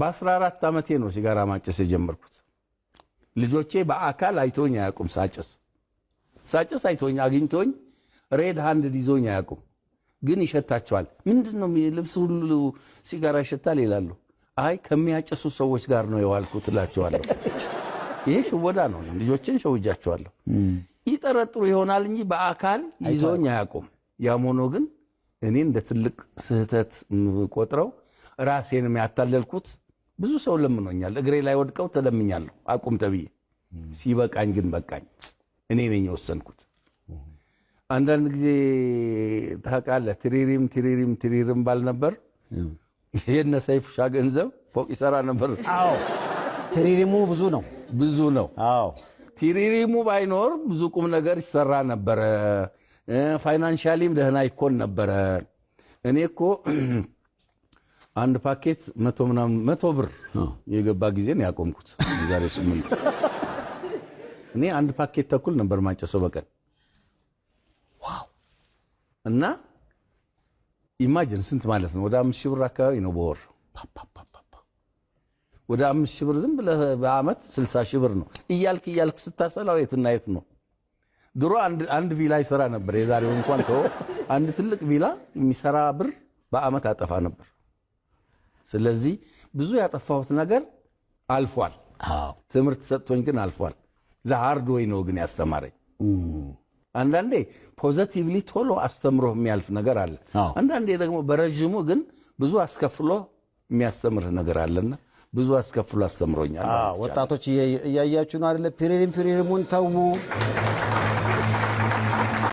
በአስራ አራት ዓመቴ ነው ሲጋራ ማጨስ የጀመርኩት። ልጆቼ በአካል አይቶኝ አያውቁም። ሳጨስ ሳጨስ አይቶኝ አግኝቶኝ ሬድ ሃንድ ይዞኝ አያውቁም። ግን ይሸታቸዋል። ምንድን ነው ልብስ ሁሉ ሲጋራ ይሸታል ይላሉ። አይ ከሚያጨሱ ሰዎች ጋር ነው የዋልኩት እላቸዋለሁ። ይሄ ሽወዳ ነው። ልጆቼን ሸውጃቸዋለሁ። ይጠረጥሩ ይሆናል እንጂ በአካል ይዞኝ አያውቁም። ያም ሆኖ ግን እኔ እንደ ትልቅ ስህተት ቆጥረው ራሴንም ያታለልኩት ብዙ ሰው ለምኖኛል። እግሬ ላይ ወድቀው ተለምኛለሁ አቁም ተብዬ። ሲበቃኝ ግን በቃኝ። እኔ ነኝ የወሰንኩት። አንዳንድ ጊዜ ታውቃለህ፣ ትሪሪም ትሪሪም ትሪሪም ባል ነበር የነ ሰይፉ ሻ ገንዘብ ፎቅ ይሰራ ነበር። ትሪሪሙ ብዙ ነው፣ ብዙ ነው። ትሪሪሙ ባይኖር ብዙ ቁም ነገር ይሰራ ነበረ። ፋይናንሻሊም ደህና ይኮን ነበረ። እኔ እኮ አንድ ፓኬት መቶ ምናምን መቶ ብር የገባ ጊዜን ያቆምኩት ዛሬ ስምንት እኔ አንድ ፓኬት ተኩል ነበር ማጨሰው በቀን እና ኢማጅን ስንት ማለት ነው? ወደ አምስት ሺህ ብር አካባቢ ነው በወር ወደ አምስት ሺህ ብር ዝም ብለህ በአመት ስልሳ ሺህ ብር ነው እያልክ እያልክ ስታሰላው የትና የት ነው። ድሮ አንድ ቪላ ይሰራ ነበር። የዛሬው እንኳን ተወው፣ አንድ ትልቅ ቪላ የሚሰራ ብር በአመት አጠፋ ነበር። ስለዚህ ብዙ ያጠፋሁት ነገር አልፏል። ትምህርት ሰጥቶኝ ግን አልፏል። ዛ ሃርድ ወይ ነው ግን ያስተማረኝ። አንዳንዴ ፖዘቲቭሊ ቶሎ አስተምሮህ የሚያልፍ ነገር አለ። አንዳንዴ ደግሞ በረዥሙ ግን ብዙ አስከፍሎ የሚያስተምርህ ነገር አለና ብዙ አስከፍሎ አስተምሮኛል። ወጣቶች እያያችሁ ነው አደለ? ፒሪድም ፒሪድሙን ተዉ።